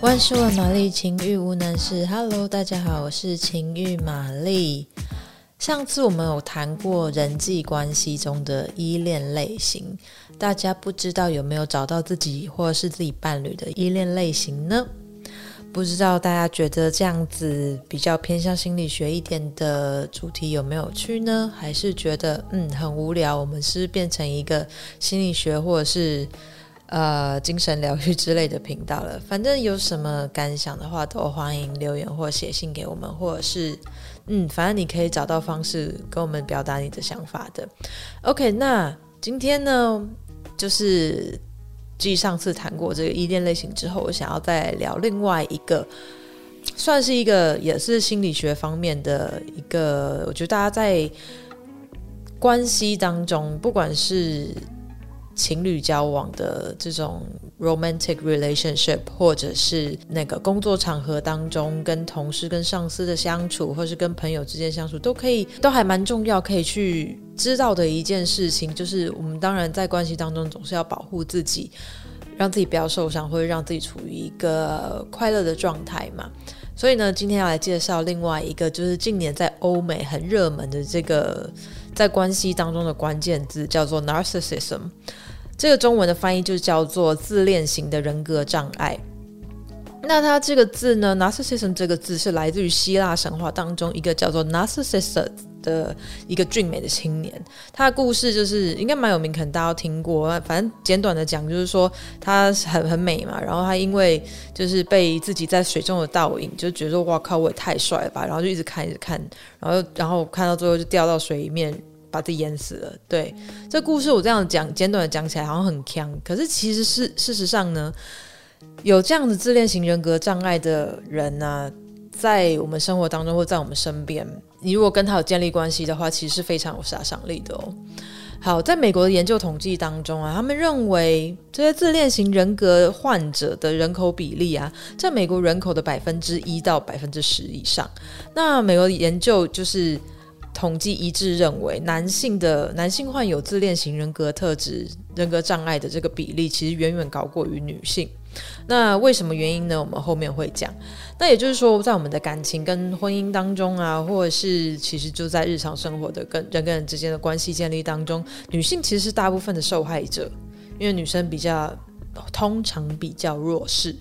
萬事萬瑪麗，情慾無難事。Hello，大家好，我是情慾瑪麗。上次我們有談過人際關係中的依戀類型，大家不知道有沒有找到自己或是自己伴侶的依戀類型呢？不知道大家覺得這樣子比較偏向心理學一點的主題有沒有趣呢？還是覺得嗯很無聊？我們是不是變成一個心理學，或者是？呃，精神療癒之類的頻道了。反正有什麼感想的話，都歡迎留言或寫信給我們，或者是，嗯，反正你可以找到方式跟我們表達你的想法的。OK，那今天呢，就是繼上次談過這個依戀類型之後，我想要再聊另外一個，算是一個也是心理學方面的一個，我覺得大家在關係當中，不管是。情侶交往的這種 romantic relationship，或者是那個工作場合當中跟同事、跟上司的相處，或者是跟朋友之間相處，都可以，都還蠻重要，可以去知道的一件事情，就是我們當然在關係當中總是要保護自己，讓自己不要受傷，或者讓自己處於一個快樂的狀態嘛。所以呢，今天要來介紹另外一個，就是近年在歐美很熱門的這個在關係當中的關鍵字，叫做 narcissism。這個中文的翻譯就是叫做自戀型的人格障礙。那他這個字呢，Narcissism 這個字是來自於希臘神話當中一個叫做 Narcissus 的一個俊美的青年。他的故事就是應該蠻有名，可能大家都聽過。反正簡短的講，就是說他很很美嘛，然後他因為就是被自己在水中的倒影，就覺得哇靠，我也太帥了吧，然後就一直看一直看，然後然後看到最後就掉到水裡面。把自己淹死了。對，這故事我這樣講，簡短的講起來好像很鏘。可是其實事事實上呢，有這樣的自戀型人格障礙的人呢、啊，在我們生活當中或在我們身邊，你如果跟他有建立關係的話，其實是非常有殺傷力的哦、喔。好，在美國的研究統計當中啊，他們認為這些自戀型人格患者的人口比例啊，在美國人口的百分之一到百分之十以上。那美國的研究就是。統計一致認為，男性的男性患有自戀型人格特質、人格障礙的這個比例，其實遠遠高過於女性。那為什麼原因呢？我們後面會講。那也就是說，在我們的感情跟婚姻當中啊，或者是其實就在日常生活的跟人跟人之間的關係建立當中，女性其實是大部分的受害者，因為女生比較，通常比較弱勢。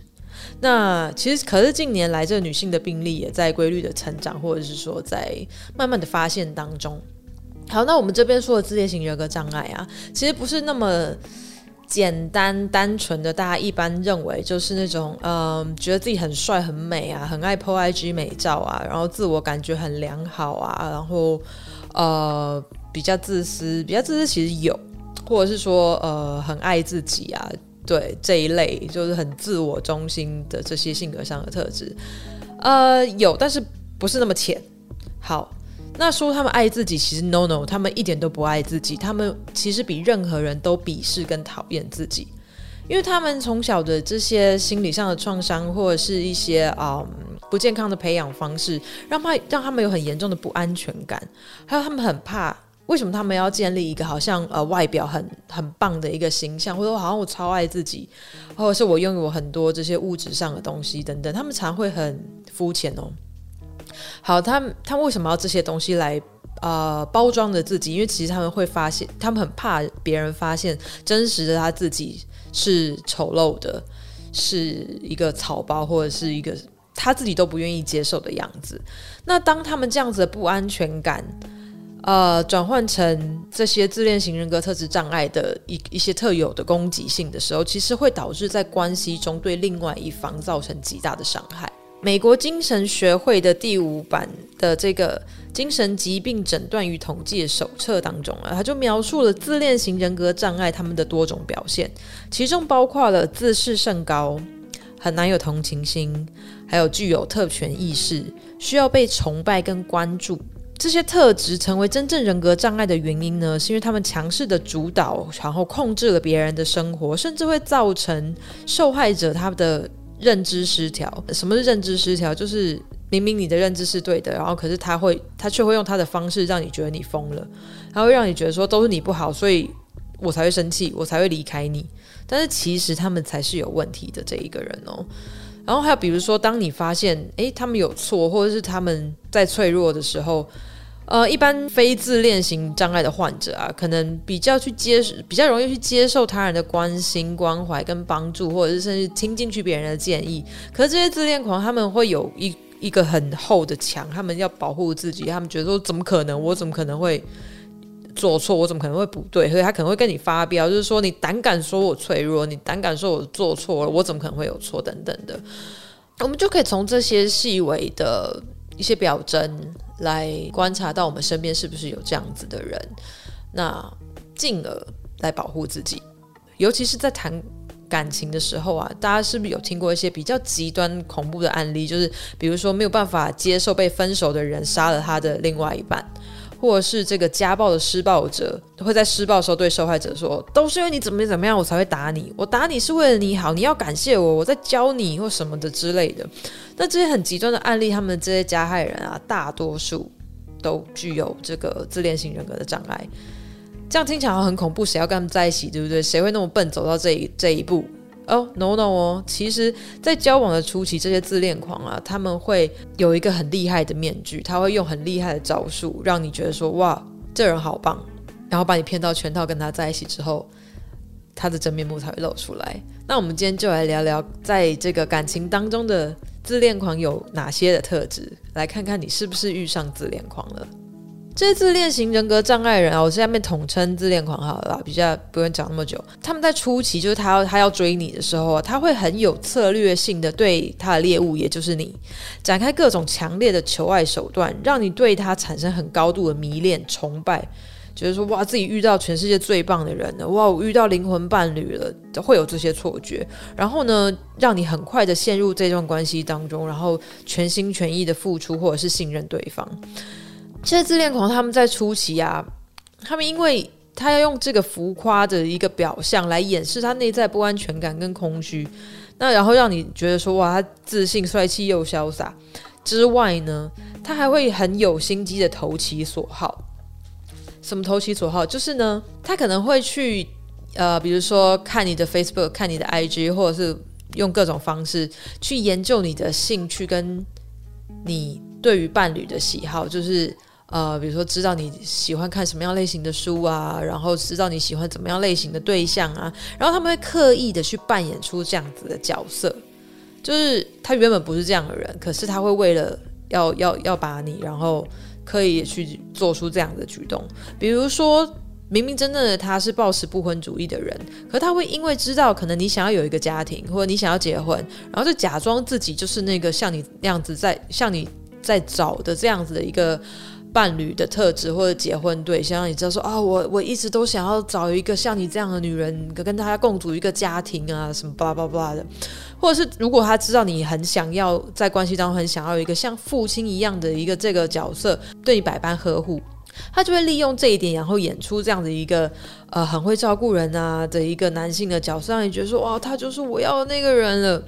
那其實，可是近年來，這個女性的病例也在規律的成長，或者是說在慢慢的發現當中。好，那我們這邊說的自戀型人格障礙啊，其實不是那麼簡單單純的。大家一般認為就是那種，嗯、呃，覺得自己很帥很美啊，很愛 po IG 美照啊，然後自我感覺很良好啊，然後呃比較自私，比較自私其實有，或者是說呃很愛自己啊。對，這一類就是很自我中心的這些性格上的特質，呃，有，但是不是那麼淺。好，那說他們愛自己，其實 no no，他們一點都不愛自己，他們其實比任何人都鄙視跟討厭自己，因為他們從小的這些心理上的創傷，或者是一些啊、um, 不健康的培養方式，讓他讓他們有很嚴重的不安全感，還有他們很怕。為什麼他們要建立一個好像呃，外表很很棒的一個形象？或者說好像我超愛自己，或者是我擁有很多這些物質上的東西等等，他們常會很膚淺哦。好，他們他們為什麼要這些東西來呃，包裝着自己？因為其實他們會發現，他們很怕別人發現真實的他自己是醜陋的，是一個草包，或者是一個他自己都不願意接受的樣子。那當他們這樣子的不安全感，呃，轉換成這些自戀型人格特質障礙的一一些特有的攻擊性的時候，其實會導致在關係中對另外一方造成極大的傷害。美國精神學會的第五版的這個《精神疾病診斷與統計手冊》當中啊，它就描述了自戀型人格障礙他們的多種表現，其中包括了自視甚高、很難有同情心，還有具有特權意識、需要被崇拜跟關注。這些特質成為真正人格障礙的原因呢，是因為他們強勢的主導，然後控制了別人的生活，甚至會造成受害者他的認知失調。什麼是認知失調？就是明明你的認知是對的，然後可是他會，他卻會用他的方式讓你覺得你瘋了，然後讓你覺得說都是你不好，所以我才會生氣，我才會離開你。但是其實他們才是有問題的這一個人哦。然後還有比如說，當你發現誒他們有錯，或者是他們在脆弱的時候，呃，一般非自戀型障礙的患者啊，可能比較去接受，比較容易去接受他人的關心、關懷跟幫助，或者是甚至聽進去別人的建議。可是這些自戀狂，他們會有一一個很厚的牆，他們要保護自己，他們覺得說怎麼可能，我怎麼可能會做錯，我怎麼可能會不對？所以他可能會跟你發飆，就是說你膽敢說我脆弱，你膽敢說我做錯了，我怎麼可能會有錯等等的。我們就可以從這些細微的一些表徵來觀察到我們身邊是不是有這樣子的人，那進而來保護自己。尤其是在談感情的時候啊，大家是不是有聽過一些比較極端恐怖的案例？就是比如說沒有辦法接受被分手的人殺了他的另外一半。或者是這個家暴的施暴者會在施暴的時候對受害者說，都是因為你怎麼怎麼樣，我才會打你，我打你是為了你好，你要感謝我，我在教你或什麼的之類的。那這些很極端的案例，他們這些加害人啊，大多數都具有這個自戀型人格的障礙。這樣聽起來很恐怖，誰要跟他們在一起，對不對？誰會那麼笨走到這一這一步？哦、oh，no no 哦，其實，在交往的初期，這些自戀狂啊，他們會有一個很厲害的面具，他會用很厲害的招數，讓你覺得說哇，這人好棒，然後把你騙到圈套跟他在一起之後，他的真面目才會露出來。那我們今天就來聊聊，在這個感情當中的自戀狂有哪些的特質，來看看你是不是遇上自戀狂了。這自戀型人格障礙人啊，我下面統稱自戀狂好了，比較不用講那麼久。他們在初期就是他要他要追你的時候啊，他會很有策略性的對他的獵物，也就是你，展開各種強烈的求愛手段，讓你對他產生很高度的迷戀、崇拜，覺得說哇，自己遇到全世界最棒的人了，哇，我遇到靈魂伴侶了，會有這些錯覺。然後呢，讓你很快的陷入這段關係當中，然後全心全意的付出或者是信任對方。其實自戀狂他們在初期啊，他們因為他要用這個浮誇的一個表象來掩飾他內在不安全感跟空虛，那然後讓你覺得說哇，他自信、帥氣又瀟灑之外呢，他還會很有心機的投其所好。什麼投其所好？就是呢，他可能會去呃，比如說看你的 Facebook、看你的 IG，或者是用各種方式去研究你的興趣跟你。對於伴侶的喜好，就是呃，比如說知道你喜歡看什麼樣類型的書啊，然後知道你喜歡怎麼樣類型的對象啊，然後他們會刻意的去扮演出這樣子的角色，就是他原本不是這樣的人，可是他會為了要要要把你，然後可以去做出這樣的舉動，比如說明明真正的他是抱持不婚主義的人，可是他會因為知道可能你想要有一個家庭，或者你想要結婚，然後就假裝自己就是那個像你那樣子在像你。在找的這樣子的一個伴侶的特質，或者結婚對象，想讓你知道說啊、哦，我我一直都想要找一個像你這樣的女人，跟大家共組一個家庭啊，什麼巴拉巴拉的。或者是如果他知道你很想要在關係當中很想要一個像父親一樣的一個這個角色，對你百般呵護，他就會利用這一點，然後演出這樣的一個呃很會照顧人啊的一個男性的角色，讓你覺得說哇，他就是我要的那個人了。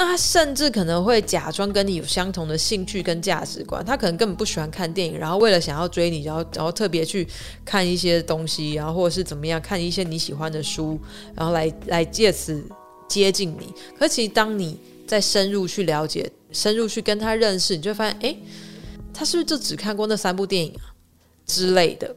那他甚至可能會假裝跟你有相同的興趣跟價值觀，他可能根本不喜歡看電影，然後為了想要追你，然後然後特別去看一些東西，然後或者是怎麼樣看一些你喜歡的書，然後來來借此接近你。可其實當你再深入去了解、深入去跟他認識，你就會發現，哎，他是不是就只看過那三部電影啊之類的？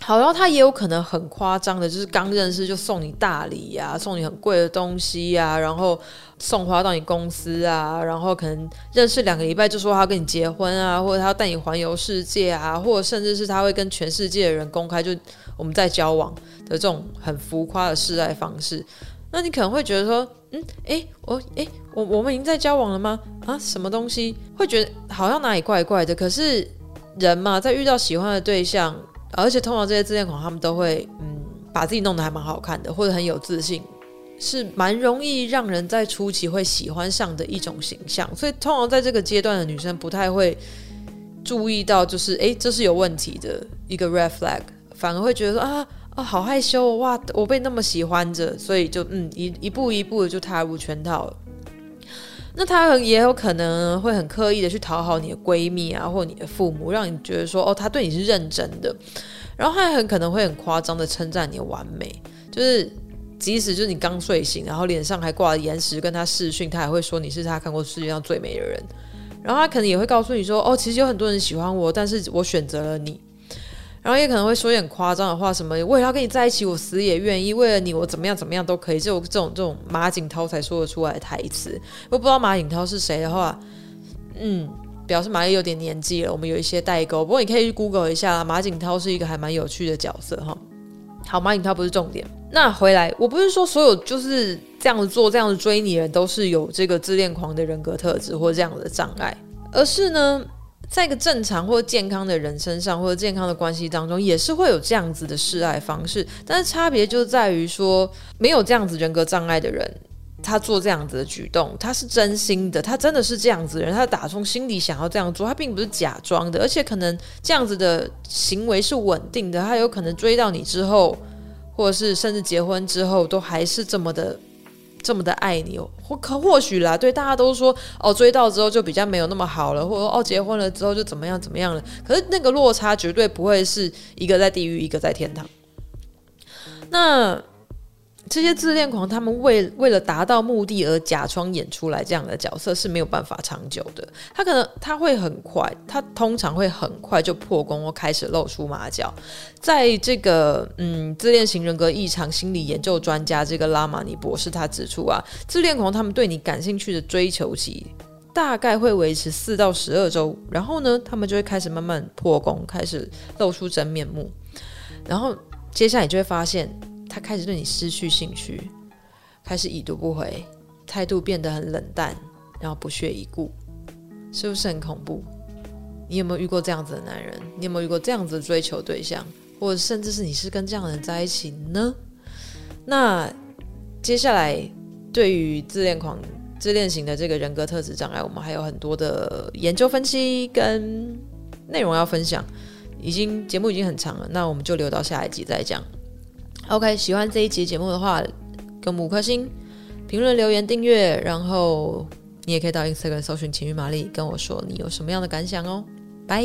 好，然後他也有可能很誇張的，就是剛認識就送你大禮呀、啊，送你很貴的東西呀、啊，然後送花到你公司啊，然後可能認識兩個禮拜就說他要跟你結婚啊，或者他要帶你環遊世界啊，或者甚至是他會跟全世界的人公開就我們在交往的這種很浮誇的示愛方式。那你可能會覺得說，嗯，誒，我，誒，我我們已經在交往了嗎？啊，什麼東西？會覺得好像哪裡怪怪的。可是人嘛，在遇到喜歡的對象。而且通常這些自戀狂，他們都會嗯把自己弄得還蠻好看的，或者很有自信，是蠻容易讓人在初期會喜歡上的一種形象。所以通常在這個階段的女生不太會注意到，就是誒、欸，這是有問題的一個 red flag，反而會覺得說啊啊好害羞哇，我被那麼喜歡着，所以就嗯一一步一步的就踏入圈套了。那他很也有可能會很刻意的去討好你的閨蜜啊，或你的父母，讓你覺得說哦，他對你是認真的。然後他也很可能會很誇張的稱讚你的完美，就是即使就是你剛睡醒，然後臉上還掛着眼屎跟他視訊，他也會說你是他看過世界上最美的人。然後他可能也會告訴你說哦，其實有很多人喜歡我，但是我選擇了你。然後也可能會說一點誇張的話，什麼為了要跟你在一起，我死也願意，為了你我怎麼樣怎麼樣都可以，這種這種這種馬景濤才說得出來的台詞。我不知道馬景濤是誰的話，嗯，表示瑪麗有點年紀了，我們有一些代溝。不過你可以去 Google 一下，馬景濤是一個還蠻有趣的角色哈。好，馬景濤不是重點。那回來，我不是說所有就是這樣子做這樣子追你的人都是有這個自戀狂的人格特質或這樣的障礙，而是呢。在一個正常或健康的人身上，或者健康的關係當中，也是會有這樣子的示愛方式，但是差別就在於說，沒有這樣子人格障礙的人，他做這樣子的舉動，他是真心的，他真的是這樣子的人，他打從心裡想要這樣做，他並不是假裝的，而且可能這樣子的行為是穩定的，他有可能追到你之後，或者是甚至結婚之後，都還是這麼的。這麼的愛你哦，或可或許啦，對大家都說哦，追到之後就比較沒有那麼好了，或者說哦，結婚了之後就怎麼樣怎麼樣了。可是那個落差絕對不會是一個在地獄，一個在天堂。那。這些自戀狂，他們為為了達到目的而假裝演出來這樣的角色是沒有辦法長久的。他可能他會很快，他通常會很快就破功，開始露出馬腳。在這個嗯，自戀型人格異常心理研究專家這個拉瑪尼博士他指出啊，自戀狂他們對你感興趣的追求期大概會維持四到十二周，然後呢，他們就會開始慢慢破功，開始露出真面目，然後接下來你就會發現。他開始對你失去興趣，開始已讀不回，態度變得很冷淡，然後不屑一顧，是不是很恐怖？你有沒有遇過這樣子的男人？你有沒有遇過這樣子的追求對象，或者甚至是你是跟這樣的人在一起呢？那接下來對於自戀狂、自戀型的這個人格特質障礙，我們還有很多的研究分析跟內容要分享，已經節目已經很長了，那我們就留到下一集再講。OK，喜歡這一集節目的話，給我們五顆星，評論留言訂閱，然後你也可以到 Instagram 搜尋情慾瑪麗，跟我說你有什麼樣的感想哦，拜。